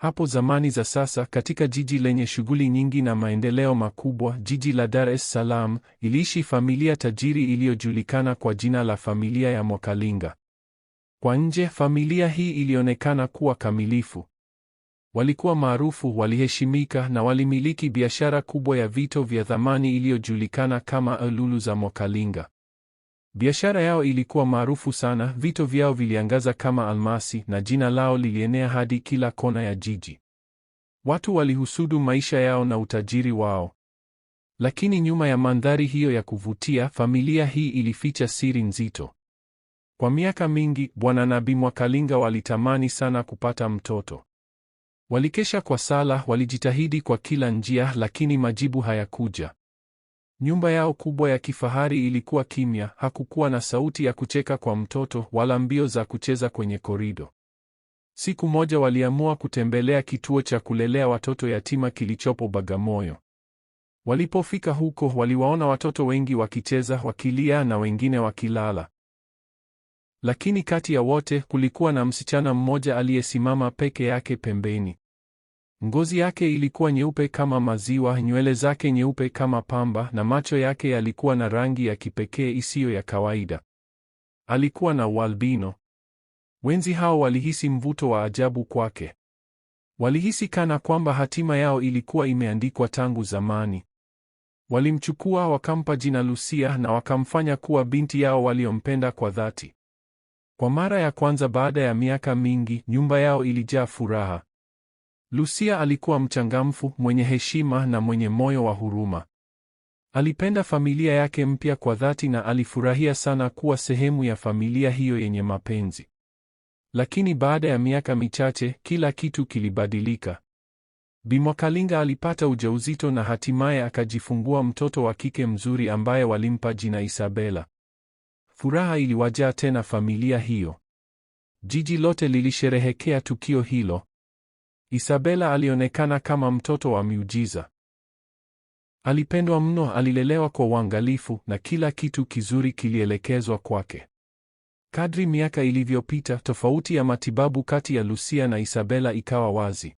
Hapo zamani za sasa, katika jiji lenye shughuli nyingi na maendeleo makubwa, jiji la Dar es Salaam, iliishi familia tajiri iliyojulikana kwa jina la familia ya Mwakalinga. Kwa nje, familia hii ilionekana kuwa kamilifu. Walikuwa maarufu, waliheshimika na walimiliki biashara kubwa ya vito vya thamani iliyojulikana kama lulu za Mwakalinga. Biashara yao ilikuwa maarufu sana, vito vyao viliangaza kama almasi na jina lao lilienea hadi kila kona ya jiji. Watu walihusudu maisha yao na utajiri wao. Lakini nyuma ya mandhari hiyo ya kuvutia, familia hii ilificha siri nzito. Kwa miaka mingi, Bwana Nabii Mwakalinga walitamani sana kupata mtoto. Walikesha kwa sala, walijitahidi kwa kila njia, lakini majibu hayakuja. Nyumba yao kubwa ya kifahari ilikuwa kimya, hakukuwa na sauti ya kucheka kwa mtoto wala mbio za kucheza kwenye korido. Siku moja waliamua kutembelea kituo cha kulelea watoto yatima kilichopo Bagamoyo. Walipofika huko, waliwaona watoto wengi wakicheza, wakilia na wengine wakilala. Lakini kati ya wote kulikuwa na msichana mmoja aliyesimama peke yake pembeni. Ngozi yake ilikuwa nyeupe kama maziwa, nywele zake nyeupe kama pamba, na macho yake yalikuwa na rangi ya kipekee isiyo ya kawaida. Alikuwa na ualbino. Wenzi hao walihisi mvuto wa ajabu kwake. Walihisi kana kwamba hatima yao ilikuwa imeandikwa tangu zamani. Walimchukua wakampa jina Lucia na wakamfanya kuwa binti yao waliompenda kwa dhati. Kwa mara ya kwanza baada ya miaka mingi, nyumba yao ilijaa furaha. Lucia alikuwa mchangamfu, mwenye heshima na mwenye moyo wa huruma. Alipenda familia yake mpya kwa dhati na alifurahia sana kuwa sehemu ya familia hiyo yenye mapenzi. Lakini baada ya miaka michache, kila kitu kilibadilika. Bimwakalinga alipata ujauzito na hatimaye akajifungua mtoto wa kike mzuri ambaye walimpa jina Isabela. Furaha iliwajaa tena familia hiyo. Jiji lote lilisherehekea tukio hilo. Isabela alionekana kama mtoto wa miujiza. Alipendwa mno, alilelewa kwa uangalifu na kila kitu kizuri kilielekezwa kwake. Kadri miaka ilivyopita, tofauti ya matibabu kati ya Lucia na Isabela ikawa wazi.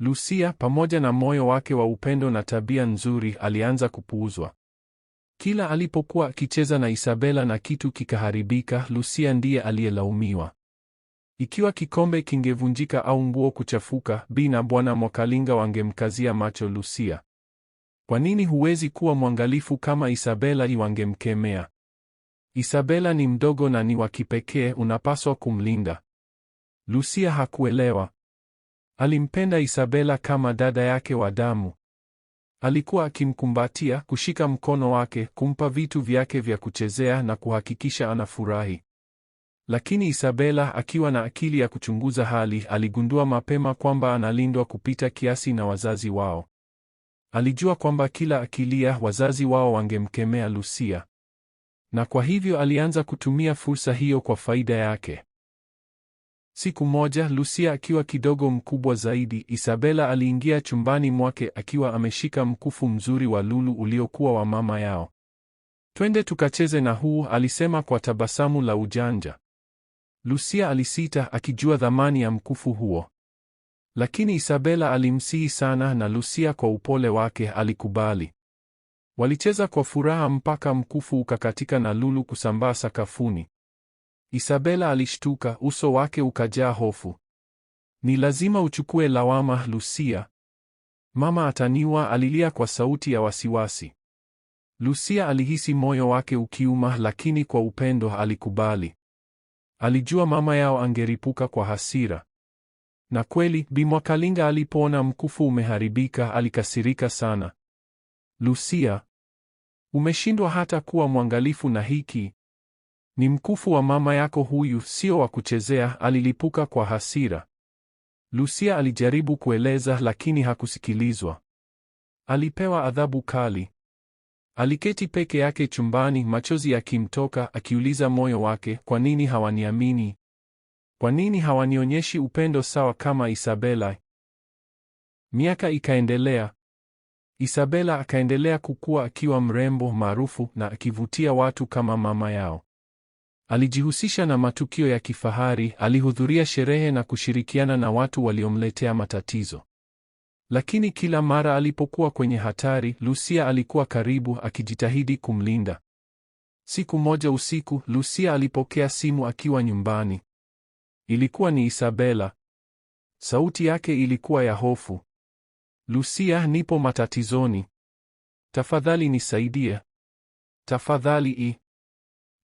Lucia, pamoja na moyo wake wa upendo na tabia nzuri, alianza kupuuzwa. Kila alipokuwa akicheza na Isabela na kitu kikaharibika, Lucia ndiye aliyelaumiwa. Ikiwa kikombe kingevunjika au nguo kuchafuka, Bi na Bwana Mwakalinga wangemkazia macho Lucia. Kwa nini huwezi kuwa mwangalifu kama Isabela? Wangemkemea. Isabela ni mdogo na ni wa kipekee, unapaswa kumlinda. Lucia hakuelewa. Alimpenda Isabela kama dada yake wa damu. Alikuwa akimkumbatia, kushika mkono wake, kumpa vitu vyake vya kuchezea na kuhakikisha anafurahi. Lakini Isabela akiwa na akili ya kuchunguza hali, aligundua mapema kwamba analindwa kupita kiasi na wazazi wao. Alijua kwamba kila akilia, wazazi wao wangemkemea Lucia, na kwa hivyo alianza kutumia fursa hiyo kwa faida yake. Siku moja Lucia akiwa kidogo mkubwa zaidi, Isabela aliingia chumbani mwake akiwa ameshika mkufu mzuri wa lulu uliokuwa wa mama yao. Twende tukacheze na huu, alisema kwa tabasamu la ujanja. Lucia alisita akijua thamani ya mkufu huo. Lakini Isabela alimsihi sana na Lucia kwa upole wake alikubali. Walicheza kwa furaha mpaka mkufu ukakatika na lulu kusambaa sakafuni. Isabela alishtuka, uso wake ukajaa hofu. Ni lazima uchukue lawama, Lucia. Mama ataniwa, alilia kwa sauti ya wasiwasi. Lucia alihisi moyo wake ukiuma, lakini kwa upendo alikubali. Alijua mama yao angeripuka kwa hasira. Na kweli, Bi Mwakalinga alipoona mkufu umeharibika alikasirika sana. Lucia, umeshindwa hata kuwa mwangalifu na hiki. Ni mkufu wa mama yako huyu, sio wa kuchezea, alilipuka kwa hasira. Lucia alijaribu kueleza lakini hakusikilizwa. Alipewa adhabu kali. Aliketi peke yake chumbani, machozi yakimtoka, akiuliza moyo wake, kwa nini hawaniamini? Kwa nini hawanionyeshi upendo sawa kama Isabela? Miaka ikaendelea. Isabela akaendelea kukua akiwa mrembo, maarufu na akivutia watu kama mama yao. Alijihusisha na matukio ya kifahari, alihudhuria sherehe na kushirikiana na watu waliomletea matatizo. Lakini kila mara alipokuwa kwenye hatari, Lucia alikuwa karibu akijitahidi kumlinda. Siku moja usiku, Lucia alipokea simu akiwa nyumbani. Ilikuwa ni Isabela. Sauti yake ilikuwa ya hofu. Lucia, nipo matatizoni. Tafadhali nisaidie. Tafadhali i.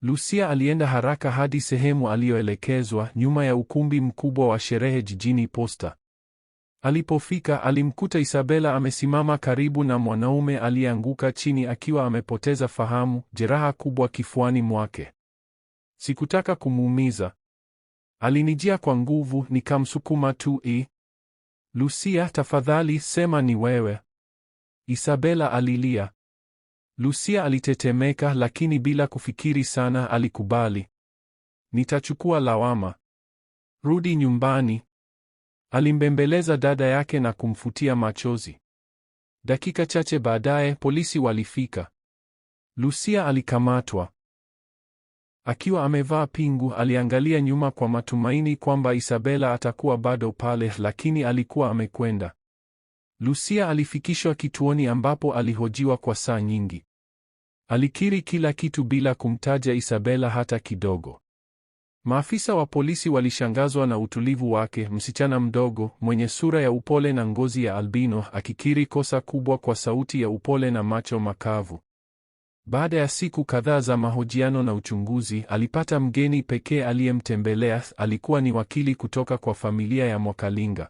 Lucia alienda haraka hadi sehemu aliyoelekezwa, nyuma ya ukumbi mkubwa wa sherehe jijini Posta. Alipofika alimkuta Isabela amesimama karibu na mwanaume aliyeanguka chini akiwa amepoteza fahamu, jeraha kubwa kifuani mwake. Sikutaka kumuumiza. Alinijia kwa nguvu, nikamsukuma tu. i Lucia, tafadhali sema ni wewe. Isabela alilia. Lucia alitetemeka, lakini bila kufikiri sana alikubali. Nitachukua lawama. Rudi nyumbani. Alimbembeleza dada yake na kumfutia machozi. Dakika chache baadaye polisi walifika. Lucia alikamatwa. Akiwa amevaa pingu, aliangalia nyuma kwa matumaini kwamba Isabela atakuwa bado pale, lakini alikuwa amekwenda. Lucia alifikishwa kituoni ambapo alihojiwa kwa saa nyingi. Alikiri kila kitu bila kumtaja Isabela hata kidogo. Maafisa wa polisi walishangazwa na utulivu wake, msichana mdogo mwenye sura ya upole na ngozi ya albino akikiri kosa kubwa kwa sauti ya upole na macho makavu. Baada ya siku kadhaa za mahojiano na uchunguzi, alipata mgeni pekee aliyemtembelea. Alikuwa ni wakili kutoka kwa familia ya Mwakalinga,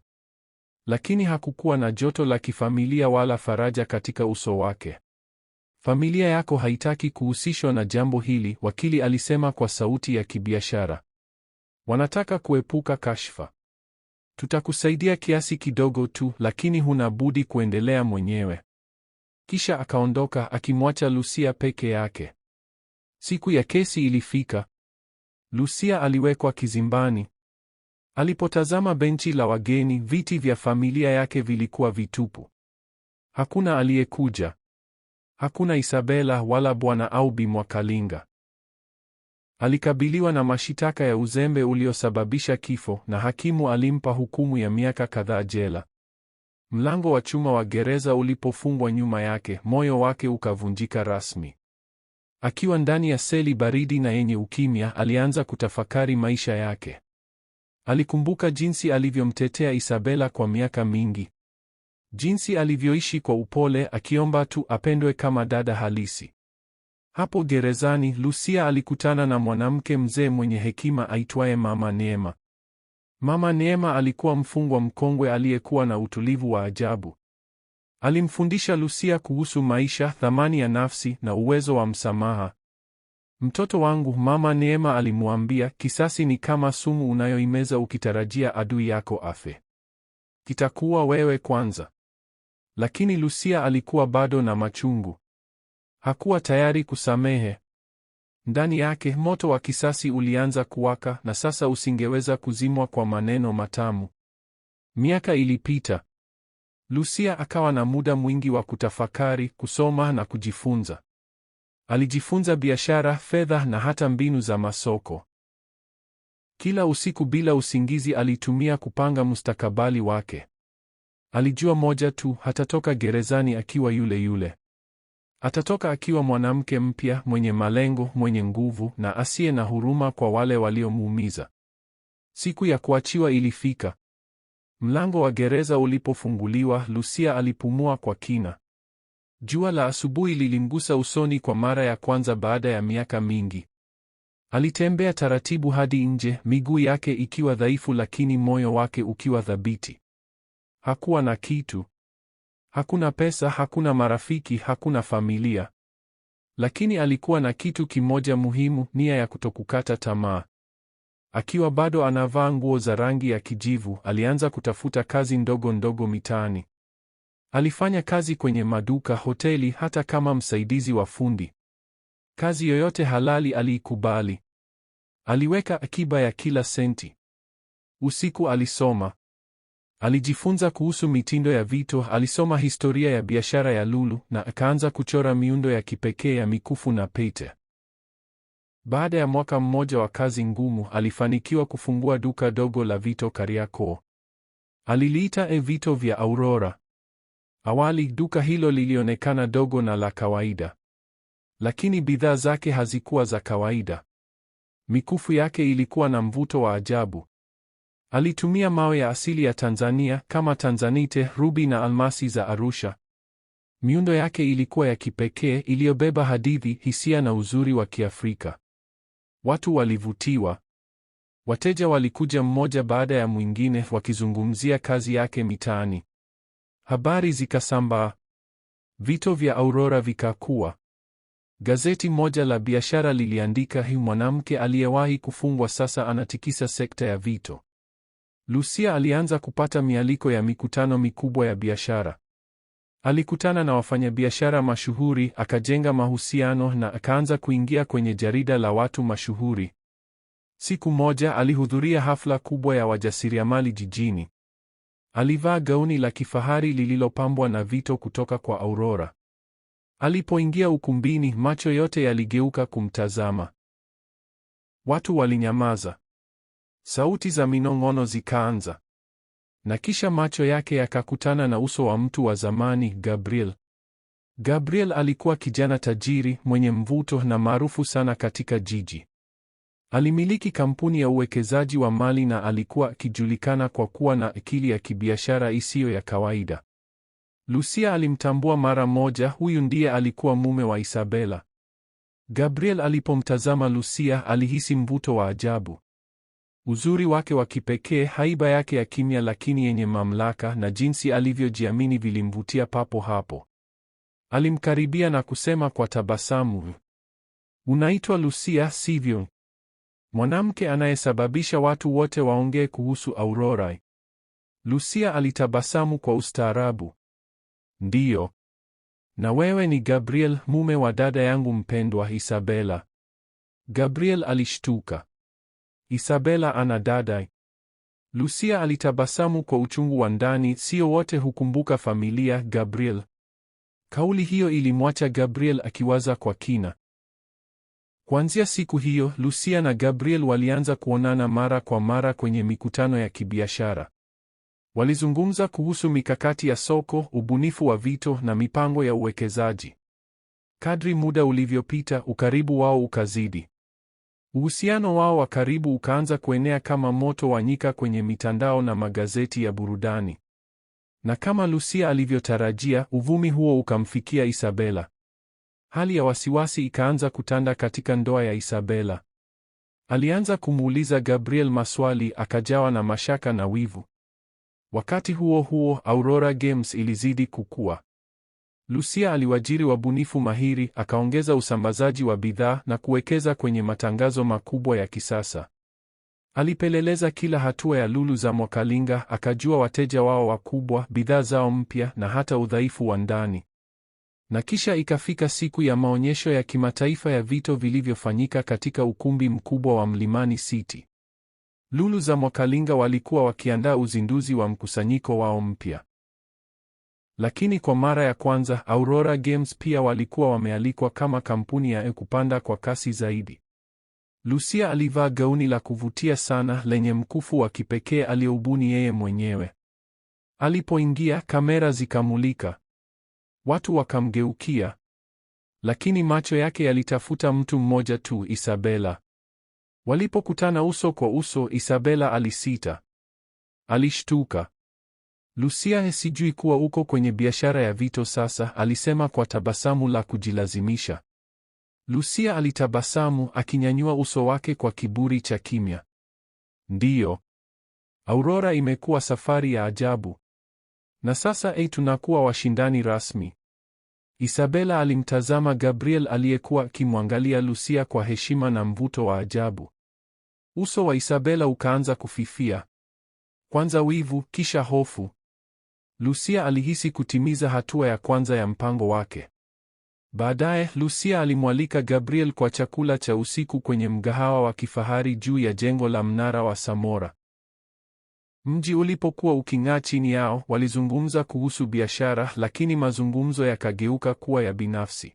lakini hakukuwa na joto la kifamilia wala faraja katika uso wake. Familia yako haitaki kuhusishwa na jambo hili, wakili alisema kwa sauti ya kibiashara. Wanataka kuepuka kashfa. Tutakusaidia kiasi kidogo tu, lakini huna budi kuendelea mwenyewe. Kisha akaondoka akimwacha Lucia peke yake. Siku ya kesi ilifika. Lucia aliwekwa kizimbani. Alipotazama benchi la wageni, viti vya familia yake vilikuwa vitupu. Hakuna aliyekuja. Hakuna Isabela wala bwana au Bi Mwakalinga. Alikabiliwa na mashitaka ya uzembe uliosababisha kifo na hakimu alimpa hukumu ya miaka kadhaa jela. Mlango wa chuma wa gereza ulipofungwa nyuma yake, moyo wake ukavunjika rasmi. Akiwa ndani ya seli baridi na yenye ukimya, alianza kutafakari maisha yake. Alikumbuka jinsi alivyomtetea Isabela kwa miaka mingi, Jinsi alivyoishi kwa upole akiomba tu apendwe kama dada halisi. Hapo gerezani, Lucia alikutana na mwanamke mzee mwenye hekima aitwaye Mama Neema. Mama Neema alikuwa mfungwa mkongwe aliyekuwa na utulivu wa ajabu. Alimfundisha Lucia kuhusu maisha, thamani ya nafsi na uwezo wa msamaha. Mtoto wangu, Mama Neema alimwambia, kisasi ni kama sumu unayoimeza ukitarajia adui yako afe. Kitakuwa wewe kwanza. Lakini Lucia alikuwa bado na machungu. Hakuwa tayari kusamehe. Ndani yake moto wa kisasi ulianza kuwaka na sasa usingeweza kuzimwa kwa maneno matamu. Miaka ilipita. Lucia akawa na muda mwingi wa kutafakari, kusoma na kujifunza. Alijifunza biashara, fedha na hata mbinu za masoko. Kila usiku bila usingizi alitumia kupanga mustakabali wake. Alijua moja tu, hatatoka gerezani akiwa yule yule. Atatoka akiwa mwanamke mpya, mwenye malengo, mwenye nguvu na asiye na huruma kwa wale waliomuumiza. Siku ya kuachiwa ilifika. Mlango wa gereza ulipofunguliwa, Lucia alipumua kwa kina. Jua la asubuhi lilimgusa usoni kwa mara ya kwanza baada ya miaka mingi. Alitembea taratibu hadi nje, miguu yake ikiwa dhaifu lakini moyo wake ukiwa thabiti. Hakuwa na kitu. Hakuna pesa, hakuna marafiki, hakuna familia. Lakini alikuwa na kitu kimoja muhimu, nia ya kutokukata tamaa. Akiwa bado anavaa nguo za rangi ya kijivu, alianza kutafuta kazi ndogo ndogo mitaani. Alifanya kazi kwenye maduka, hoteli, hata kama msaidizi wa fundi. Kazi yoyote halali aliikubali. Aliweka akiba ya kila senti. Usiku alisoma. Alijifunza kuhusu mitindo ya vito, alisoma historia ya biashara ya lulu na akaanza kuchora miundo ya kipekee ya mikufu na pete. Baada ya mwaka mmoja wa kazi ngumu, alifanikiwa kufungua duka dogo la vito Kariakoo. Aliliita E Vito vya Aurora. Awali duka hilo lilionekana dogo na la kawaida, lakini bidhaa zake hazikuwa za kawaida. Mikufu yake ilikuwa na mvuto wa ajabu. Alitumia mawe ya asili ya Tanzania kama tanzanite, rubi na almasi za Arusha. Miundo yake ilikuwa ya kipekee, iliyobeba hadithi, hisia na uzuri wa Kiafrika. Watu walivutiwa. Wateja walikuja mmoja baada ya mwingine, wakizungumzia kazi yake mitaani. Habari zikasambaa, vito vya Aurora vikakuwa. Gazeti moja la biashara liliandika, hii mwanamke aliyewahi kufungwa sasa anatikisa sekta ya vito. Lucia alianza kupata mialiko ya mikutano mikubwa ya biashara. Alikutana na wafanyabiashara mashuhuri, akajenga mahusiano na akaanza kuingia kwenye jarida la watu mashuhuri. Siku moja alihudhuria hafla kubwa ya wajasiriamali jijini. Alivaa gauni la kifahari lililopambwa na vito kutoka kwa Aurora. Alipoingia ukumbini, macho yote yaligeuka kumtazama. Watu walinyamaza. Sauti za minong'ono zikaanza, na kisha macho yake yakakutana na uso wa mtu wa zamani, Gabriel. Gabriel alikuwa kijana tajiri mwenye mvuto na maarufu sana katika jiji. Alimiliki kampuni ya uwekezaji wa mali na alikuwa akijulikana kwa kuwa na akili ya kibiashara isiyo ya kawaida. Lucia alimtambua mara moja, huyu ndiye alikuwa mume wa Isabela. Gabriel alipomtazama Lucia alihisi mvuto wa ajabu uzuri wake wa kipekee, haiba yake ya kimya lakini yenye mamlaka, na jinsi alivyojiamini vilimvutia papo hapo. Alimkaribia na kusema kwa tabasamu, unaitwa Lucia, sivyo? Mwanamke anayesababisha watu wote waongee kuhusu Aurora. Lucia alitabasamu kwa ustaarabu. Ndiyo. Na wewe ni Gabriel, mume wa dada yangu mpendwa Isabella. Gabriel alishtuka. Isabela ana dada. Lucia alitabasamu kwa uchungu wa ndani, sio wote hukumbuka familia Gabriel. Kauli hiyo ilimwacha Gabriel akiwaza kwa kina. Kuanzia siku hiyo, Lucia na Gabriel walianza kuonana mara kwa mara kwenye mikutano ya kibiashara. Walizungumza kuhusu mikakati ya soko, ubunifu wa vito na mipango ya uwekezaji. Kadri muda ulivyopita, ukaribu wao ukazidi. Uhusiano wao wa karibu ukaanza kuenea kama moto wa nyika kwenye mitandao na magazeti ya burudani. Na kama Lucia alivyotarajia, uvumi huo ukamfikia Isabela. Hali ya wasiwasi ikaanza kutanda katika ndoa ya Isabela. Alianza kumuuliza Gabriel maswali, akajawa na mashaka na wivu. Wakati huo huo, Aurora Games ilizidi kukua. Lucia aliwajiri wabunifu mahiri, akaongeza usambazaji wa bidhaa na kuwekeza kwenye matangazo makubwa ya kisasa. Alipeleleza kila hatua ya lulu za Mwakalinga, akajua wateja wao wakubwa, bidhaa zao mpya na hata udhaifu wa ndani. Na kisha ikafika siku ya maonyesho ya kimataifa ya vito vilivyofanyika katika ukumbi mkubwa wa Mlimani City. Lulu za Mwakalinga walikuwa wakiandaa uzinduzi wa mkusanyiko wao mpya. Lakini kwa mara ya kwanza, Aurora Games pia walikuwa wamealikwa kama kampuni ya kupanda kwa kasi zaidi. Lucia alivaa gauni la kuvutia sana lenye mkufu wa kipekee aliyoubuni yeye mwenyewe. Alipoingia, kamera zikamulika. Watu wakamgeukia. Lakini macho yake yalitafuta mtu mmoja tu, Isabela. Walipokutana uso kwa uso, Isabela alisita. Alishtuka. Lucia eh, sijui kuwa uko kwenye biashara ya vito sasa, alisema kwa tabasamu la kujilazimisha. Lucia alitabasamu akinyanyua uso wake kwa kiburi cha kimya. Ndiyo. Aurora imekuwa safari ya ajabu. Na sasa ei, eh, tunakuwa washindani rasmi. Isabella alimtazama Gabriel aliyekuwa akimwangalia Lucia kwa heshima na mvuto wa ajabu. Uso wa Isabella ukaanza kufifia. Kwanza wivu, kisha hofu. Lucia alihisi kutimiza hatua ya kwanza ya mpango wake. Baadaye, Lucia alimwalika Gabriel kwa chakula cha usiku kwenye mgahawa wa kifahari juu ya jengo la mnara wa Samora. Mji ulipokuwa uking'aa chini yao, walizungumza kuhusu biashara, lakini mazungumzo yakageuka kuwa ya binafsi.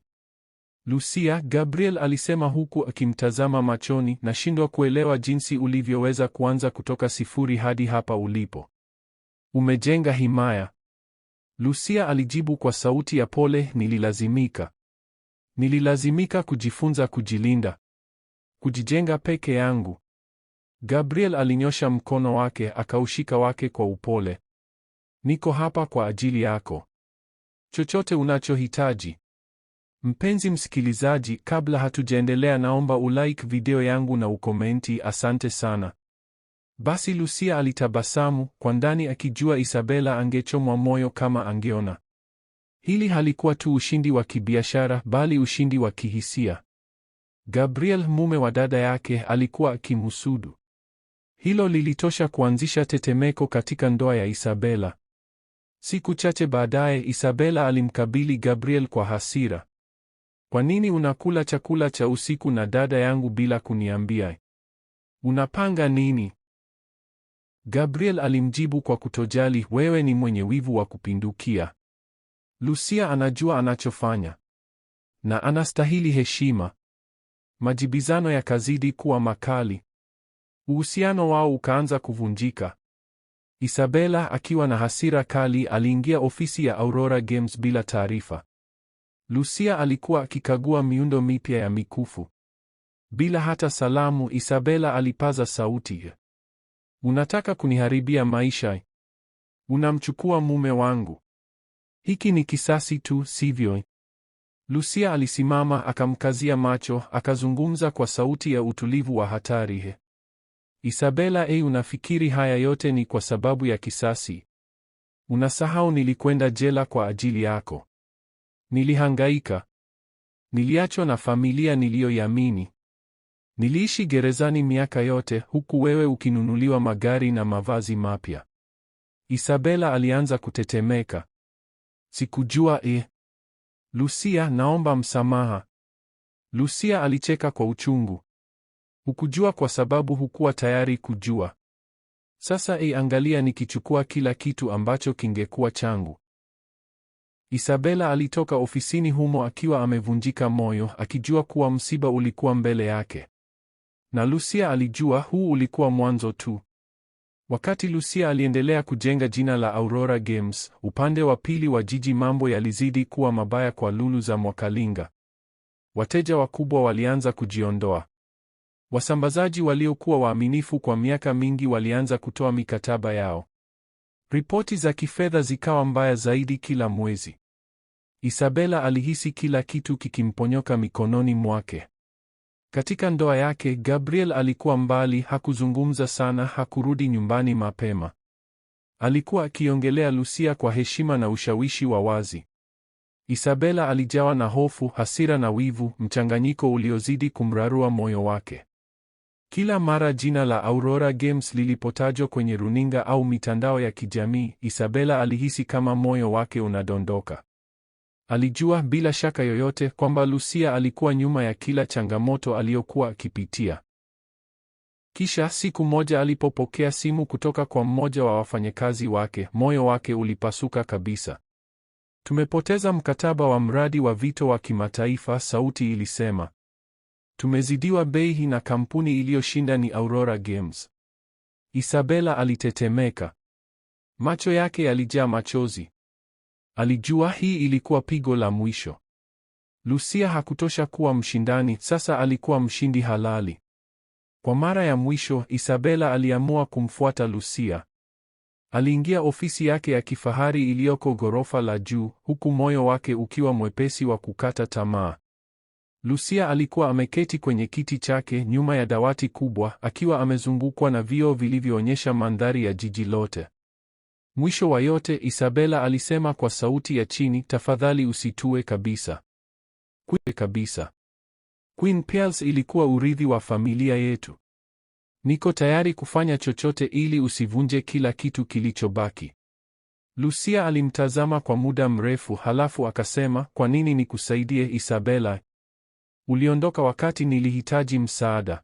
Lucia, Gabriel alisema huku akimtazama machoni, nashindwa kuelewa jinsi ulivyoweza kuanza kutoka sifuri hadi hapa ulipo. Umejenga himaya. Lucia alijibu kwa sauti ya pole, nililazimika. Nililazimika kujifunza kujilinda. Kujijenga peke yangu. Gabriel alinyosha mkono wake akaushika wake kwa upole. Niko hapa kwa ajili yako. Chochote unachohitaji. Mpenzi msikilizaji, kabla hatujaendelea, naomba ulike video yangu na ukomenti. Asante sana. Basi Lucia alitabasamu kwa ndani akijua Isabela angechomwa moyo kama angeona. Hili halikuwa tu ushindi wa kibiashara bali ushindi wa kihisia. Gabriel, mume wa dada yake, alikuwa akimhusudu. Hilo lilitosha kuanzisha tetemeko katika ndoa ya Isabela. Siku chache baadaye, Isabela alimkabili Gabriel kwa hasira. Kwa nini unakula chakula cha usiku na dada yangu bila kuniambia? Unapanga nini? Gabriel alimjibu kwa kutojali, wewe ni mwenye wivu wa kupindukia. Lucia anajua anachofanya na anastahili heshima. Majibizano yakazidi kuwa makali. Uhusiano wao ukaanza kuvunjika. Isabella akiwa na hasira kali aliingia ofisi ya Aurora Games bila taarifa. Lucia alikuwa akikagua miundo mipya ya mikufu. Bila hata salamu, Isabella alipaza sauti. Unataka kuniharibia maisha? Unamchukua mume wangu. Hiki ni kisasi tu, sivyo? Lucia alisimama akamkazia macho, akazungumza kwa sauti ya utulivu wa hatari. He. Isabella, ei, unafikiri haya yote ni kwa sababu ya kisasi? Unasahau nilikwenda jela kwa ajili yako. Nilihangaika. Niliachwa na familia niliyoiamini. Niliishi gerezani miaka yote huku wewe ukinunuliwa magari na mavazi mapya. Isabela alianza kutetemeka. Sikujua e. Lucia, naomba msamaha. Lucia alicheka kwa uchungu. Hukujua kwa sababu hukuwa tayari kujua. Sasa e, angalia nikichukua kila kitu ambacho kingekuwa changu. Isabela alitoka ofisini humo akiwa amevunjika moyo, akijua kuwa msiba ulikuwa mbele yake. Na Lucia alijua huu ulikuwa mwanzo tu. Wakati Lucia aliendelea kujenga jina la Aurora Games, upande wa pili wa jiji mambo yalizidi kuwa mabaya kwa lulu za Mwakalinga. Wateja wakubwa walianza kujiondoa. Wasambazaji waliokuwa waaminifu kwa miaka mingi walianza kutoa mikataba yao. Ripoti za kifedha zikawa mbaya zaidi kila mwezi. Isabela alihisi kila kitu kikimponyoka mikononi mwake. Katika ndoa yake Gabriel alikuwa mbali, hakuzungumza sana, hakurudi nyumbani mapema. Alikuwa akiongelea Lucia kwa heshima na ushawishi wa wazi. Isabela alijawa na hofu, hasira na wivu, mchanganyiko uliozidi kumrarua moyo wake. Kila mara jina la Aurora Games lilipotajwa kwenye runinga au mitandao ya kijamii, Isabela alihisi kama moyo wake unadondoka. Alijua bila shaka yoyote kwamba Lucia alikuwa nyuma ya kila changamoto aliyokuwa akipitia. Kisha siku moja alipopokea simu kutoka kwa mmoja wa wafanyakazi wake, moyo wake ulipasuka kabisa. Tumepoteza mkataba wa mradi wa vito wa kimataifa, sauti ilisema. Tumezidiwa bei na kampuni iliyoshinda ni Aurora Games. Isabella alitetemeka. Macho yake yalijaa machozi. Alijua hii ilikuwa pigo la mwisho. Lucia hakutosha kuwa mshindani, sasa alikuwa mshindi halali. Kwa mara ya mwisho, Isabella aliamua kumfuata Lucia. Aliingia ofisi yake ya kifahari iliyoko ghorofa la juu, huku moyo wake ukiwa mwepesi wa kukata tamaa. Lucia alikuwa ameketi kwenye kiti chake nyuma ya dawati kubwa, akiwa amezungukwa na vioo vilivyoonyesha mandhari ya jiji lote. Mwisho wa yote, Isabela alisema kwa sauti ya chini, tafadhali usitue kabisa. Kwe kabisa. Queen Pearls ilikuwa urithi wa familia yetu. Niko tayari kufanya chochote ili usivunje kila kitu kilichobaki. Lucia alimtazama kwa muda mrefu halafu akasema, kwa nini nikusaidie Isabela? Uliondoka wakati nilihitaji msaada.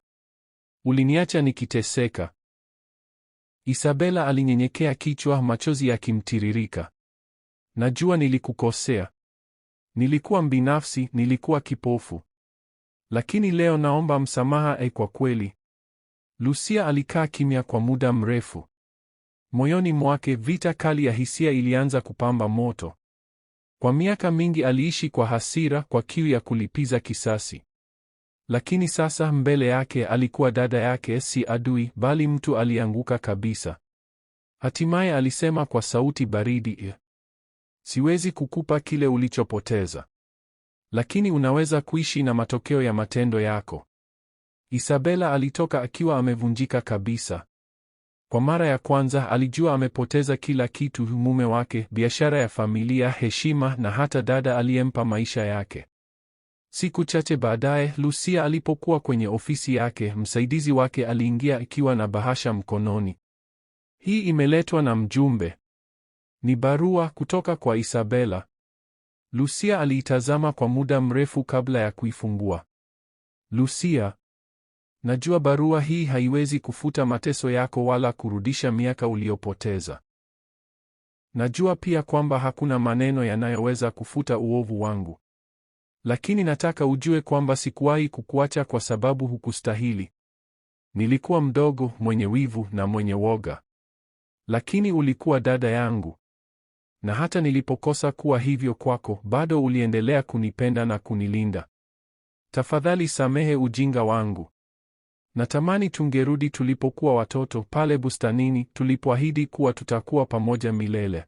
Uliniacha nikiteseka. Isabela alinyenyekea kichwa, machozi yakimtiririka. Najua nilikukosea. Nilikuwa mbinafsi, nilikuwa kipofu. Lakini leo naomba msamaha e, kwa kweli. Lucia alikaa kimya kwa muda mrefu. Moyoni mwake vita kali ya hisia ilianza kupamba moto. Kwa miaka mingi aliishi kwa hasira, kwa kiu ya kulipiza kisasi. Lakini sasa mbele yake alikuwa dada yake, si adui, bali mtu alianguka kabisa. Hatimaye alisema kwa sauti baridi, eh, siwezi kukupa kile ulichopoteza, lakini unaweza kuishi na matokeo ya matendo yako. Isabela alitoka akiwa amevunjika kabisa. Kwa mara ya kwanza alijua amepoteza kila kitu: mume wake, biashara ya familia, heshima na hata dada aliyempa maisha yake. Siku chache baadaye, Lucia alipokuwa kwenye ofisi yake, msaidizi wake aliingia akiwa na bahasha mkononi. Hii imeletwa na mjumbe. Ni barua kutoka kwa Isabela. Lucia aliitazama kwa muda mrefu kabla ya kuifungua. Lucia, najua barua hii haiwezi kufuta mateso yako wala kurudisha miaka uliyopoteza. Najua pia kwamba hakuna maneno yanayoweza kufuta uovu wangu. Lakini nataka ujue kwamba sikuwahi kukuacha kwa sababu hukustahili. Nilikuwa mdogo, mwenye wivu na mwenye woga, lakini ulikuwa dada yangu, na hata nilipokosa kuwa hivyo kwako, bado uliendelea kunipenda na kunilinda. Tafadhali samehe ujinga wangu. Natamani tungerudi tulipokuwa watoto pale bustanini, tulipoahidi kuwa tutakuwa pamoja milele.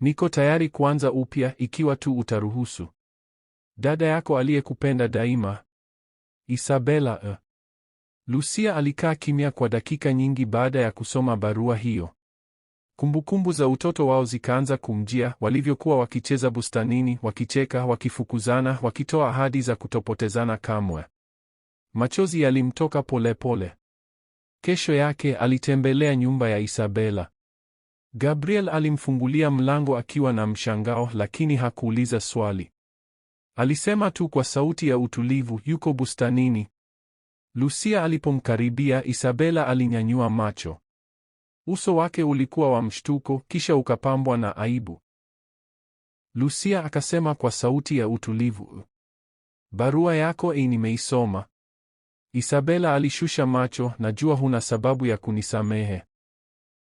Niko tayari kuanza upya ikiwa tu utaruhusu. Dada yako aliyekupenda daima. Isabella. Eh. Lucia alikaa kimya kwa dakika nyingi baada ya kusoma barua hiyo. Kumbukumbu za utoto wao zikaanza kumjia, walivyokuwa wakicheza bustanini, wakicheka, wakifukuzana, wakitoa ahadi za kutopotezana kamwe. Machozi yalimtoka polepole pole. Kesho yake alitembelea nyumba ya Isabella. Gabriel alimfungulia mlango akiwa na mshangao, lakini hakuuliza swali. Alisema tu kwa sauti ya utulivu, yuko bustanini. Lucia alipomkaribia, Isabela alinyanyua macho. Uso wake ulikuwa wa mshtuko, kisha ukapambwa na aibu. Lucia akasema kwa sauti ya utulivu, barua yako ei, nimeisoma. Isabela alishusha macho, najua huna sababu ya kunisamehe.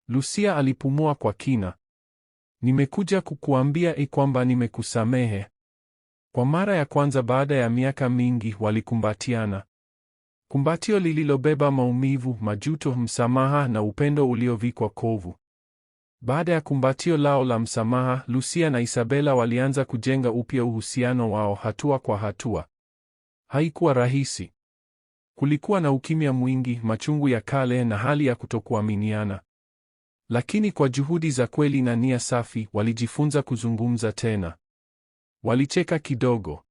Lucia alipumua kwa kina. Nimekuja kukuambia ei, kwamba nimekusamehe. Kwa mara ya kwanza baada ya miaka mingi walikumbatiana, kumbatio lililobeba maumivu, majuto, msamaha na upendo uliovikwa kovu. Baada ya kumbatio lao la msamaha, Lucia na Isabella walianza kujenga upya uhusiano wao hatua kwa hatua. Haikuwa rahisi. Kulikuwa na ukimya mwingi, machungu ya kale na hali ya kutokuaminiana. Lakini kwa juhudi za kweli na nia safi, walijifunza kuzungumza tena. Walicheka kidogo.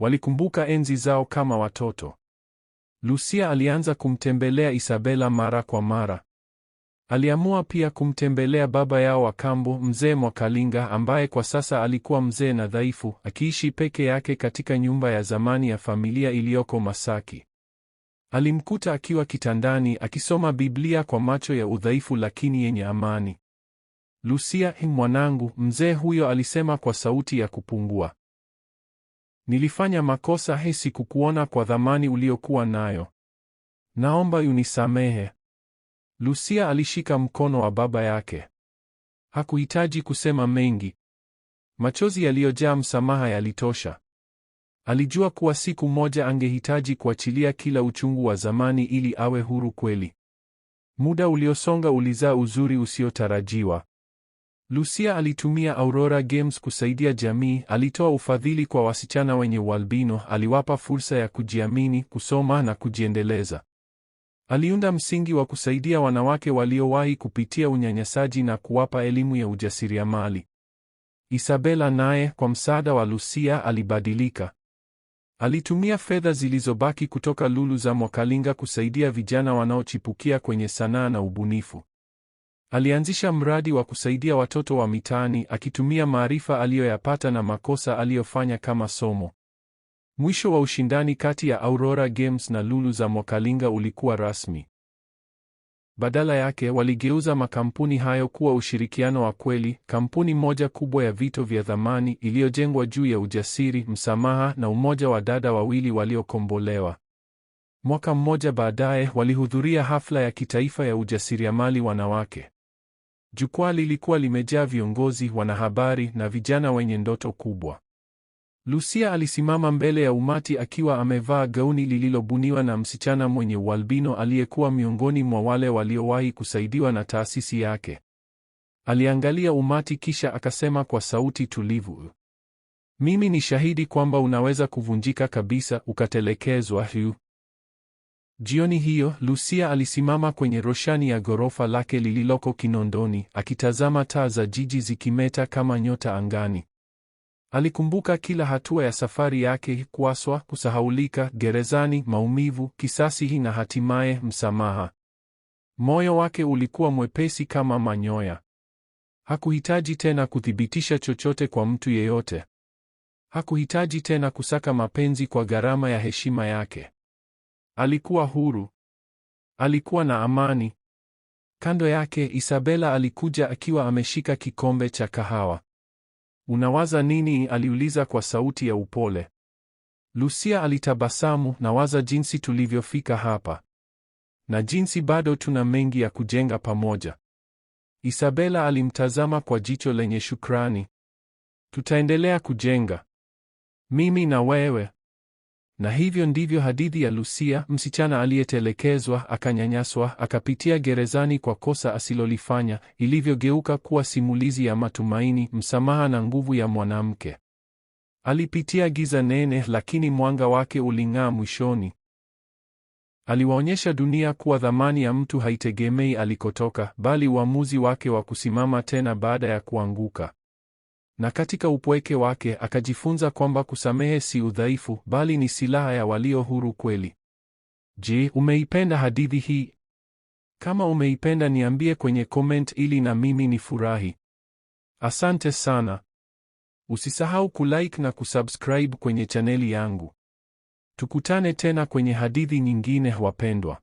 Walikumbuka enzi zao kama watoto. Lucia alianza kumtembelea Isabela mara kwa mara. Aliamua pia kumtembelea baba yao wa kambo, Mzee Mwakalinga, ambaye kwa sasa alikuwa mzee na dhaifu, akiishi peke yake katika nyumba ya zamani ya familia iliyoko Masaki. Alimkuta akiwa kitandani akisoma Biblia kwa macho ya udhaifu lakini yenye amani. Lucia, mwanangu, mzee huyo alisema kwa sauti ya kupungua. Nilifanya makosa, hesi kukuona kwa dhamani uliokuwa nayo. Naomba unisamehe. Lucia alishika mkono wa baba yake. Hakuhitaji kusema mengi. Machozi yaliyojaa msamaha yalitosha. Alijua kuwa siku moja angehitaji kuachilia kila uchungu wa zamani ili awe huru kweli. Muda uliosonga ulizaa uzuri usiotarajiwa. Lucia alitumia Aurora Games kusaidia jamii, alitoa ufadhili kwa wasichana wenye ualbino, aliwapa fursa ya kujiamini, kusoma na kujiendeleza. Aliunda msingi wa kusaidia wanawake waliowahi kupitia unyanyasaji na kuwapa elimu ya ujasiriamali. Isabella naye kwa msaada wa Lucia alibadilika. Alitumia fedha zilizobaki kutoka lulu za Mwakalinga kusaidia vijana wanaochipukia kwenye sanaa na ubunifu. Alianzisha mradi wa kusaidia watoto wa mitaani akitumia maarifa aliyoyapata na makosa aliyofanya kama somo. Mwisho wa ushindani kati ya Aurora Games na Lulu za Mwakalinga ulikuwa rasmi. Badala yake waligeuza makampuni hayo kuwa ushirikiano wa kweli, kampuni moja kubwa ya vito vya thamani iliyojengwa juu ya ujasiri, msamaha na umoja wa dada wawili waliokombolewa. Mwaka mmoja baadaye walihudhuria hafla ya kitaifa ya ujasiriamali wanawake. Jukwaa lilikuwa limejaa viongozi, wanahabari na vijana wenye ndoto kubwa. Lucia alisimama mbele ya umati akiwa amevaa gauni lililobuniwa na msichana mwenye ualbino aliyekuwa miongoni mwa wale waliowahi kusaidiwa na taasisi yake. Aliangalia umati kisha akasema kwa sauti tulivu, mimi ni shahidi kwamba unaweza kuvunjika kabisa, ukatelekezwa, huu Jioni hiyo Lucia alisimama kwenye roshani ya ghorofa lake lililoko Kinondoni, akitazama taa za jiji zikimeta kama nyota angani. Alikumbuka kila hatua ya safari yake: kuaswa, kusahaulika, gerezani, maumivu, kisasi na hatimaye msamaha. Moyo wake ulikuwa mwepesi kama manyoya. Hakuhitaji tena kuthibitisha chochote kwa mtu yeyote. Hakuhitaji tena kusaka mapenzi kwa gharama ya heshima yake. Alikuwa huru. Alikuwa na amani. Kando yake Isabela alikuja akiwa ameshika kikombe cha kahawa. Unawaza nini? aliuliza kwa sauti ya upole. Lucia alitabasamu, nawaza jinsi tulivyofika hapa na jinsi bado tuna mengi ya kujenga pamoja. Isabela alimtazama kwa jicho lenye shukrani. Tutaendelea kujenga, mimi na wewe. Na hivyo ndivyo hadithi ya Lucia, msichana aliyetelekezwa, akanyanyaswa, akapitia gerezani kwa kosa asilolifanya, ilivyogeuka kuwa simulizi ya matumaini, msamaha na nguvu ya mwanamke. Alipitia giza nene, lakini mwanga wake uling'aa mwishoni. Aliwaonyesha dunia kuwa thamani ya mtu haitegemei alikotoka, bali uamuzi wake wa kusimama tena baada ya kuanguka na katika upweke wake akajifunza kwamba kusamehe si udhaifu, bali ni silaha ya walio huru kweli. Je, umeipenda hadithi hii? Kama umeipenda niambie kwenye comment ili na mimi nifurahi. Asante sana. Usisahau kulike na kusubscribe kwenye chaneli yangu. Tukutane tena kwenye hadithi nyingine wapendwa.